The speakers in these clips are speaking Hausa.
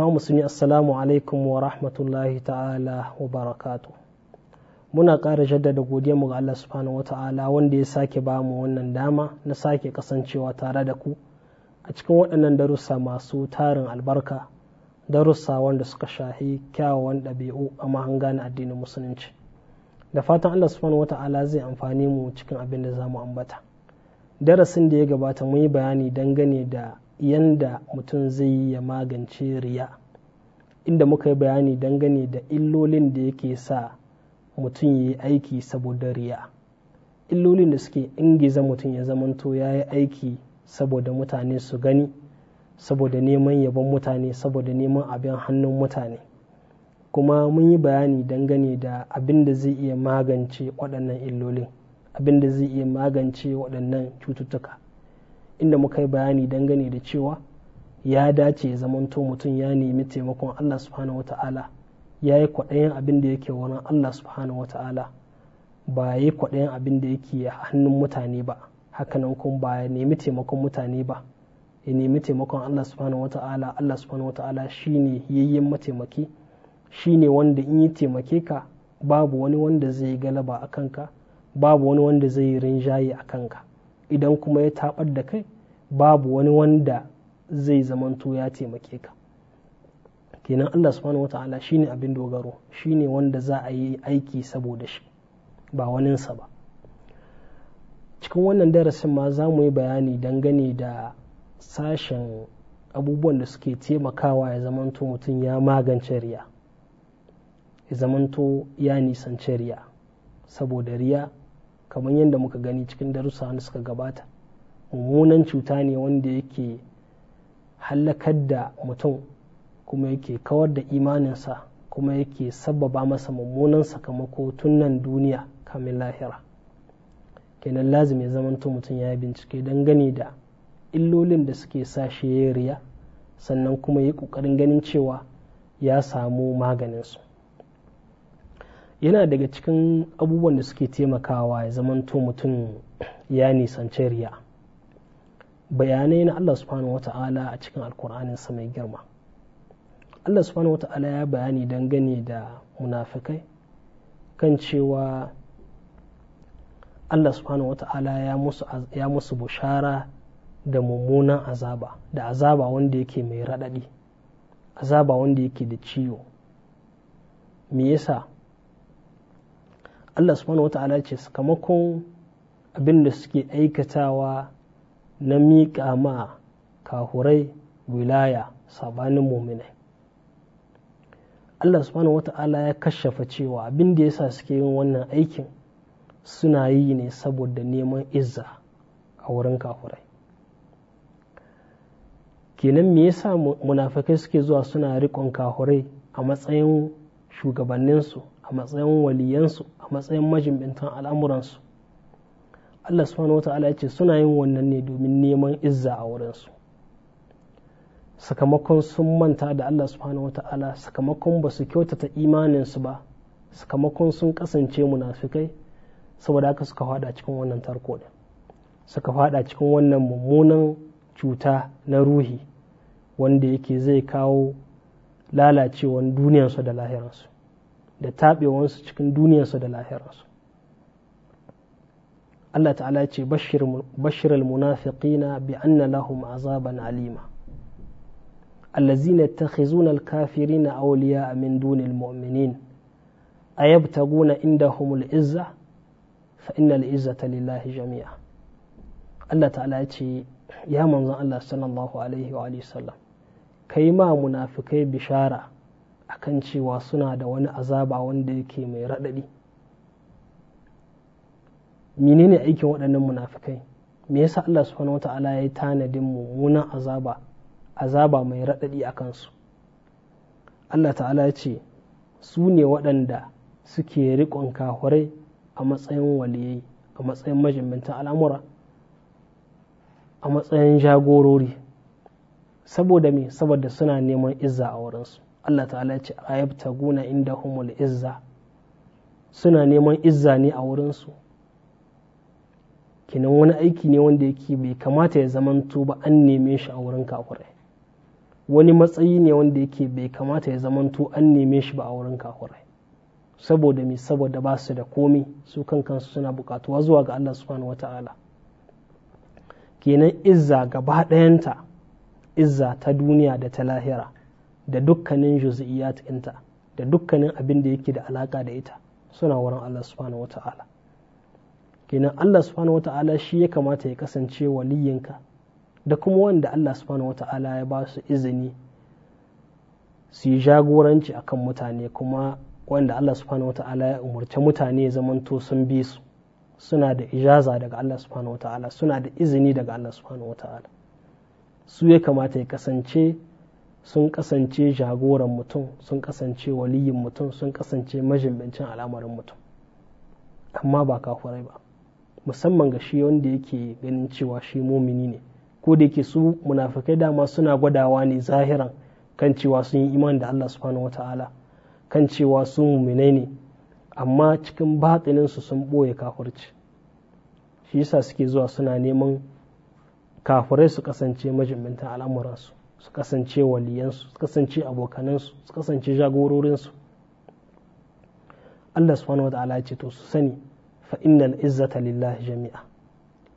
yawon musulmi assalamu alaikum wa rahmatullahi ta'ala wa barakatu muna ƙara jaddada godiyarmu ga Allah subhanahu wa ta'ala wanda ya sake ba mu wannan dama na sake kasancewa tare da ku a cikin waɗannan darussa masu tarin albarka darussa wanda suka shahi kyawawan ɗabi'u a mahanga na addinin musulunci da fatan Allah subhanahu wa ta'ala zai amfani mu cikin abin da za mu ambata darasin da ya gabata mun yi bayani dangane da yanda mutum zai yi ya magance riya inda muka yi bayani dangane da illolin da yake sa mutum ya yi aiki saboda riya illolin da suke ingiza mutum ya zamanto ya yi aiki saboda mutane su gani saboda neman yabon mutane saboda neman abin hannun mutane kuma mun yi bayani dangane da abin da zai iya magance waɗannan illolin abin da zai iya magance waɗannan cututtuka inda muka yi bayani dangane da cewa ya dace zamanto mutum ya nemi taimakon Allah subhanahu ta'ala ya yi kwaɗayin abin da yake wurin Allah subhanahu ta'ala ba ya yi kwaɗayin abin da yake hannun mutane ba hakanan kuma ba ya nemi taimakon mutane ba ya nemi taimakon Allah subhanahu ta'ala Allah subhanahu shi ne yayyen mataimaki shi ne wanda in yi taimake ka babu wani wanda zai galaba a kanka babu wani wanda zai rinjaye a kanka idan kuma ya taɓar da kai babu wani wanda zai zamanto ya taimake ka kenan Allah subhanahu wata'ala shine abin dogaro shine wanda za a yi aiki saboda shi ba waninsa ba cikin wannan darasin ma za mu yi bayani gani da sashen abubuwan da suke taimakawa ya zamanto mutum ya magance riya ya zamanto ya nisan riya saboda riya kamar yadda muka gani cikin darussa wanda suka gabata mummunan cuta ne wanda yake hallakar da mutum kuma yake kawar da imaninsa kuma yake sababa masa mummunan sakamako tun nan duniya kamin lahira kenan lazumi ya zamanto mutum ya bincike don gani da illolin da suke sa shi riya sannan kuma ya ƙoƙarin ganin cewa ya samu maganinsu yana daga cikin abubuwan da suke taimakawa ya zamanto mutum ya nisanci riya bayanai na Allah subhanahu wa ta'ala a cikin alkuranin sa mai girma Allah subhanahu wa ta'ala ya bayani dangane da munafikai kan cewa Allah subhanahu wa ta'ala ya musu bushara da mummunan azaba da azaba wanda yake mai raɗaɗi azaba wanda yake da ciwo me yasa Allah subhanahu wa ta'ala ce sakamakon abin da suke aikatawa na miƙa ma kahurai wilaya sabanin muminai Allah subhanahu wa ta'ala ya kashafa cewa abin da yasa suke yin wannan aikin suna yi ne saboda neman izza a wurin kahurai. kenan me yasa munafikai suke zuwa suna riƙon kahurai a matsayin shugabanninsu a matsayin waliyansu a matsayin majimbintan al'amuransu Allah subhanahu wa ta'ala ya ce suna yin wannan ne domin neman izza a wurinsu sakamakon sun manta da Allah subhanahu wa ta'ala sakamakon ba su kyautata imaninsu ba sakamakon sun kasance munafikai saboda haka suka fada cikin wannan tarko da suka fada cikin wannan mummunan cuta na ruhi wanda yake zai kawo lalacewan duniyarsu da lahiransu da taɓewansu cikin duniyarsu da lahirarsu Allah ta'ala ce bashir munafiƙina bi anna lahum azaban alima allazina yattakhizuna al-kafirina awliya'a min dunil mu'minin ayabtaguna indahum al-izza fa innal izzata lillahi jami'a Allah ta'ala ce ya manzon Allah sallallahu alaihi wa sallam kai ma munafikai bishara akan cewa suna da wani azaba wanda yake mai raɗaɗi menene aikin waɗannan munafikai me yasa Allah subhanahu wata'ala ya yi tanadin mummunan azaba azaba mai raɗaɗi a kansu Allah ta'ala ya ce su ne waɗanda suke riƙon kahurai a matsayin waliyai a matsayin majimbinta al'amura a matsayin jagorori saboda me saboda suna neman izza a wurinsu Allah ta'ala ya ce inda Humul izza suna neman izza ne a wurinsu kenan wani aiki ne wanda yake bai kamata ya zamanto ba an neme shi a wurin kakure wani matsayi ne wanda yake bai kamata ya zamanto an neme shi ba a wurin kakure saboda me saboda ba su da komi su kan kansu suna bukatuwa zuwa ga Allah subhanahu wata'ala kenan izza gaba ɗayanta izza ta duniya da ta lahira da dukkanin juz'iyat inta da dukkanin abin da yake da alaka da ita suna wurin Allah subhanahu wata'ala kenan Allah subhanahu wata'ala shi ya kamata ya kasance waliyinka da kuma wanda Allah subhanahu wata'ala ya ba su izini su yi jagoranci akan mutane kuma wanda Allah subhanahu wata'ala ya umarci mutane zamanto sun bi su suna da ijaza daga Allah subhanahu wata'ala suna da izini daga Allah subhanahu wata'ala su ya kamata ya kasance sun kasance jagoran mutum sun kasance waliyin mutum sun kasance majibincin al'amarin mutum amma ba kafurai ba musamman ga shi wanda yake ganin cewa shi mumini ne ko da yake su munafikai dama suna gwadawa ne zahiran kan cewa sun yi iman da Allah subhanahu ta'ala kan cewa su muminai ne amma cikin batsininsu sun ɓoye kafirci shi yasa suke zuwa suna neman kafurai su kasance majimbintan al'amuransu su kasance waliyansu su kasance abokanansu su kasance jagororinsu Allah subhanahu wa ta'ala ce to su sani fa innal izzata lillahi jami'a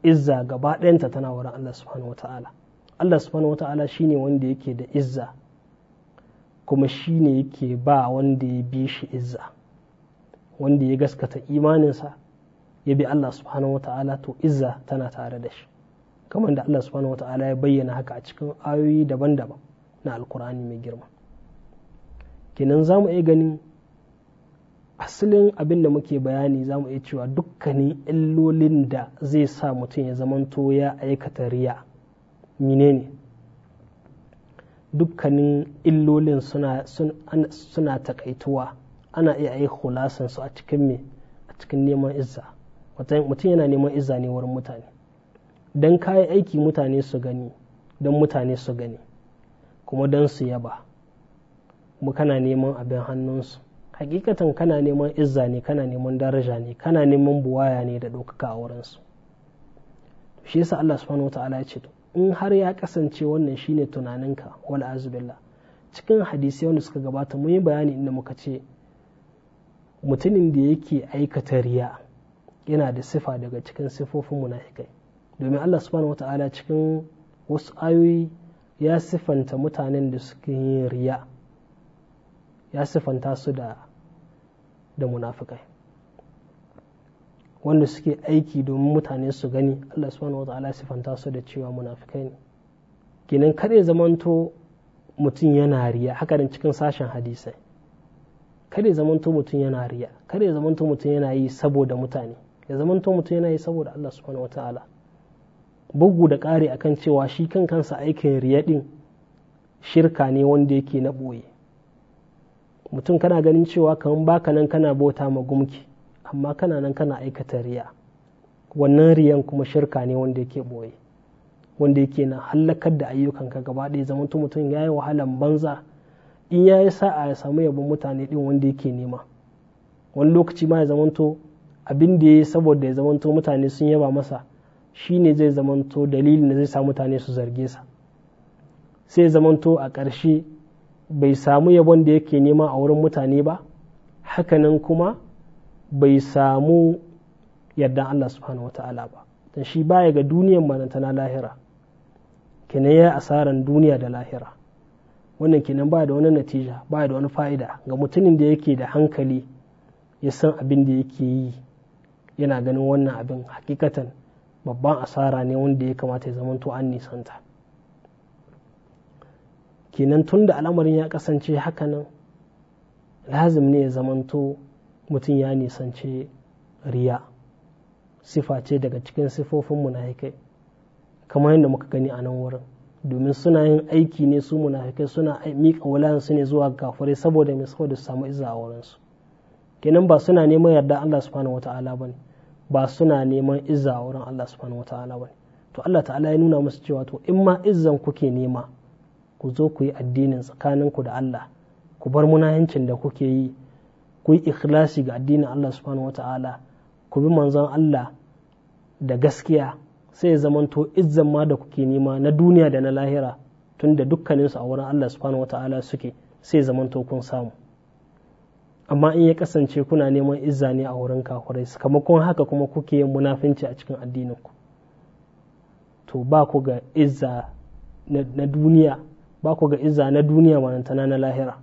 izza gaba ɗayanta tana wurin Allah subhanahu wa ta'ala Allah subhanahu wa ta'ala shine wanda yake da izza kuma shine yake ba wanda ya bi shi izza wanda ya gaskata imaninsa ya bi Allah subhanahu wa ta'ala to izza tana tare da shi kamar da Allah subhanahu wata'ala ya bayyana haka a cikin ayoyi daban-daban na alkur'ani mai girma kenan za mu iya ganin asalin abin da muke bayani za mu iya cewa dukkanin illolin da zai sa mutum ya zamanto ya aikata riya menene dukkanin illolin suna, takaituwa ana iya yi hulasansu a cikin neman izza mutum yana neman izza ne wurin mutane don kayan aiki mutane su gani don mutane su gani kuma don su yaba mu kana neman abin hannunsu hakikatan kana neman izza ne kana neman daraja ne kana neman buwaya ne da ɗaukaka a wurinsu shi yasa Allah subhanahu wa ta'ala ya ce in har ya kasance wannan shine tunaninka wal azbillah cikin hadisai wanda suka gabata mun yi bayani inda muka ce mutumin da yake aikata riya yana da sifa daga cikin sifofin munafikai domin Allah subhanahu ta'ala cikin wasu ayoyi ya siffanta mutanen da suke yin riya ya siffanta su da da munafikai wanda suke aiki domin mutane su gani Allah subhanahu wa ya siffanta su da cewa munafikai ne kenan kada zamanto mutum yana riya haka da cikin sashen hadisai kada ya zamanto mutum yana riya kada ya zamanto mutum yana yi saboda mutane ya zamanto mutum yana yi saboda Allah subhanahu ta'ala bugu da ƙari a kan cewa shi kan kansa aikin riyaɗin shirka ne wanda yake na ɓoye mutum kana ganin cewa kamar baka nan kana bauta ma gumki amma kana nan kana aikata riya wannan riyan kuma shirka ne wanda yake ɓoye wanda yake na hallakar da ayyukan ka gaba ɗaya zaman mutum ya yi wahalan banza in ya yi sa'a ya samu yabon mutane ɗin wanda yake nema wani lokaci ma ya zamanto abin da ya yi saboda ya zamanto mutane sun yaba masa shi ne zai zamanto dalilin da zai sa mutane su zarge sa sai zamanto a ƙarshe bai samu yabon da yake nema a wurin mutane ba hakanan kuma bai samu yardan Allah subhanahu wata'ala ba don shi baya ga duniyan manantana lahira kenan ya asaran duniya da lahira wannan kenan ba da wani natija ba da wani fa'ida ga mutumin da yake da hankali ya san abin da yake yi yana ganin wannan abin hakikatan babban asara ne wanda ya kamata ya zamanto an nisanta kenan tun da al'amarin ya kasance hakanan lazim ne ya zamanto mutum ya nisance riya sifa ce daga cikin sifofin munafikai kamar yadda muka gani a nan wurin domin suna yin aiki ne su munafikai suna miƙa su ne zuwa gafurai saboda mai saboda su samu izza a wurinsu kenan ba suna neman yarda Allah subhanahu ta'ala ba ne ba suna neman izza a wurin Allah subhanahu wataala ba to Allah ta'ala ya nuna musu cewa to in ma izzan kuke nema ku zo ku yi addinin ku da Allah ku bar munahincin da kuke yi ku yi ikhlasi ga addinin Allah subhanahu wataala ku bi manzon Allah da gaskiya sai ya zamanto izzan ma da kuke nema na duniya da na lahira tunda dukkaninsu a wurin Allah subhanahu wataala suke sai ya zamanto kun samu amma in ya kasance kuna neman izza ne a wurin kafirai sakamakon haka kuma kuke yin munafinci a cikin addininku to ba ku ga izza na duniya ba ku ga izza na duniya manantana na lahira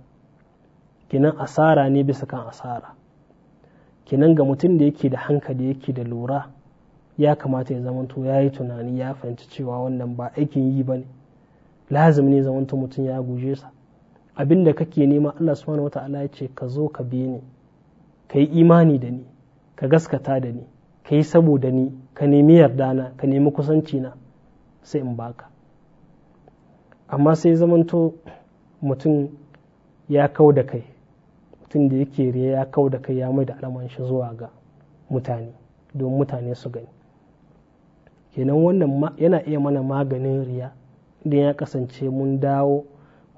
kinan asara ne bisa kan asara kinan ga mutum da yake da hankali yake da lura ya kamata ya zamanto ya yi tunani ya fahimci cewa wannan ba aikin yi ba ne lazimi ne zamanto mutum ya guje sa abin da kake nema Allah subhanahu wa ta'ala ya ce ka zo ka bi ni ka yi imani da ni ka gaskata da ni ka yi saboda ni ka nemi yarda na, ka nemi kusanci na sai in baka amma sai zamanto mutum ya kau da kai mutum da yake riya ya kau da kai ya mai da alaman shi zuwa ga mutane don mutane su gani kenan wannan yana iya mana maganin riya idan ya kasance mun dawo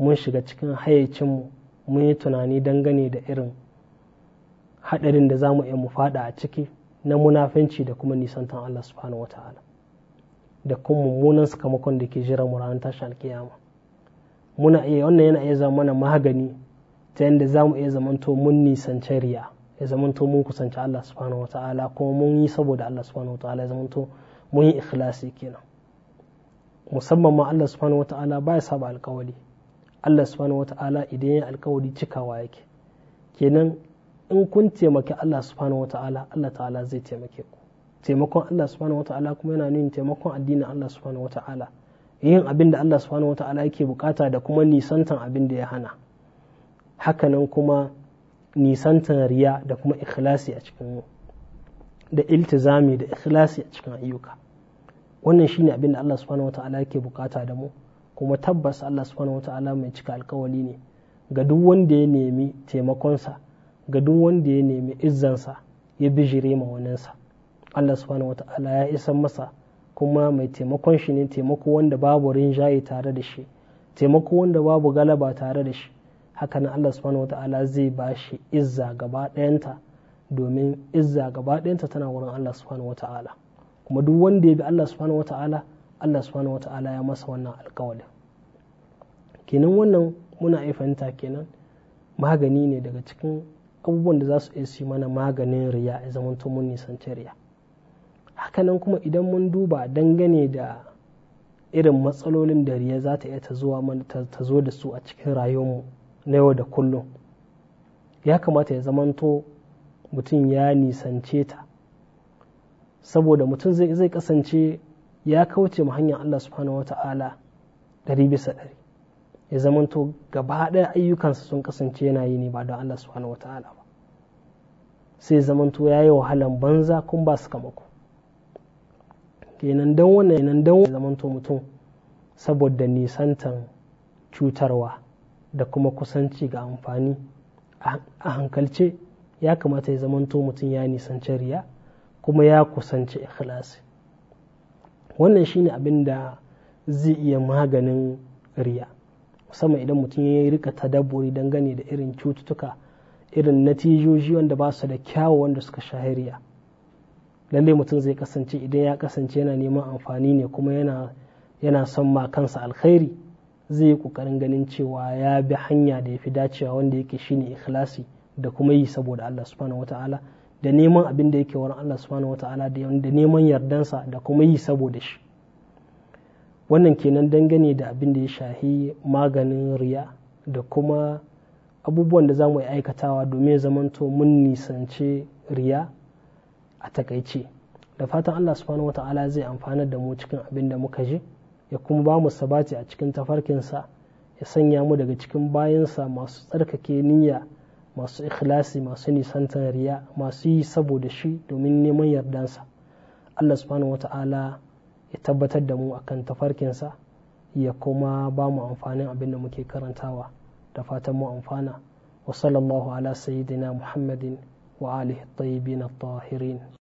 mun shiga cikin hayyacinmu mun yi tunani dangane da irin haɗarin da za mu iya mu faɗa a ciki na munafinci da kuma nisantan Allah subhanahu wa ta'ala da kuma mummunan sakamakon da ke jira mu ranar tashi alkiyama muna iya wannan yana iya zama mana magani ta yadda za mu iya zamanto mun nisanci riya ya zamanto mun kusanci Allah subhanahu wa ta'ala kuma mun yi saboda Allah subhanahu wa ta'ala ya zamanto mun yi ikhlasi kenan musamman ma Allah subhanahu wa ta'ala baya saba alƙawari. Allah subhanahu ta'ala idan ya alkawari cikawa yake kenan in kun taimaki Allah subhanahu ta'ala Allah ta'ala zai taimake ku taimakon Allah subhanahu ta'ala kuma yana nuna taimakon addinin Allah subhanahu ta'ala yin abin da Allah subhanahu ta'ala yake bukata da kuma nisantan abin da ya hana hakanan kuma nisantan riya da kuma ikhlasi a cikin da iltizami da ikhlasi a cikin ayyuka wannan shine abin da Allah subhanahu ta'ala yake bukata da mu kuma tabbas Allah subhanahu wata'ala mai cika alkawali ne ga duk wanda ya nemi taimakonsa ga duk wanda ya nemi izzansa ya bijire ma waninsa Allah subhanahu wata'ala ya isa masa kuma mai taimakon shi ne taimako wanda babu rinjaye tare da shi taimako wanda babu galaba tare da shi nan Allah subhanahu wata'ala zai ba shi izza gaba ɗayanta domin izza gaba ɗayanta tana wurin Allah subhanahu wata'ala kuma duk wanda ya bi Allah subhanahu wata'ala Allah subhanahu wata'ala ya masa wannan alkawalin kenan wannan muna iya fahimta kenan magani ne daga cikin abubuwan da za su iya su mana maganin riya ya zama mun nisanci riya hakanan kuma idan mun duba dangane da irin matsalolin da riya za ta iya ta zuwa mana ta zo da su a cikin rayuwarmu na yau da kullum ya kamata ya zamanto mutum ya nisance ta saboda mutum zai kasance ya kauce mu hanyar Allah subhanahu wa ta'ala ɗari bisa ɗari ya zamanto gaba ɗaya ayyukansa sun kasance yana yi ne ba don Allah subhanahu wata'ala ba sai zamanto ya yi wahalan banza kun ba su ku. kenan don wannan kenan don zamanto mutum saboda nisantan cutarwa da kuma kusanci ga amfani a hankalce ya kamata ya zamanto mutum ya nisanci riya kuma ya kusanci ikhlasi wannan shine abin da zai iya maganin riya musamman idan mutum ya rika tadabburi dangane da irin cututtuka irin natijoji wanda ba su da kyawu wanda suka shahariya lallai mutum zai kasance idan ya kasance yana neman amfani ne kuma yana yana son ma kansa alkhairi zai yi kokarin ganin cewa ya bi hanya da ya fi dacewa wanda yake shine ikhlasi da kuma yi saboda Allah subhanahu wataala da neman abin da yake wurin Allah subhanahu wataala da neman yardansa da kuma yi saboda shi wannan kenan dangane da abin da ya shahi maganin riya da kuma abubuwan da za mu aikatawa domin zamanto mun nisance riya a takaice da fatan allah subhanahu wa ta'ala zai amfana da mu cikin abin da muka ji ya kuma ba mu sabati a cikin tafarkinsa ya sanya mu daga cikin bayansa masu tsarkake niyya masu ikhlasi masu nisantar riya masu yi saboda shi domin neman yardansa allah subhanahu wa ta'ala ya tabbatar da mu akan tafarkinsa ya kuma ba mu amfanin abin da muke karantawa da fatan mu amfana wa sallallahu ala sayyidina muhammadin wa alihi tayyibin at-tahirin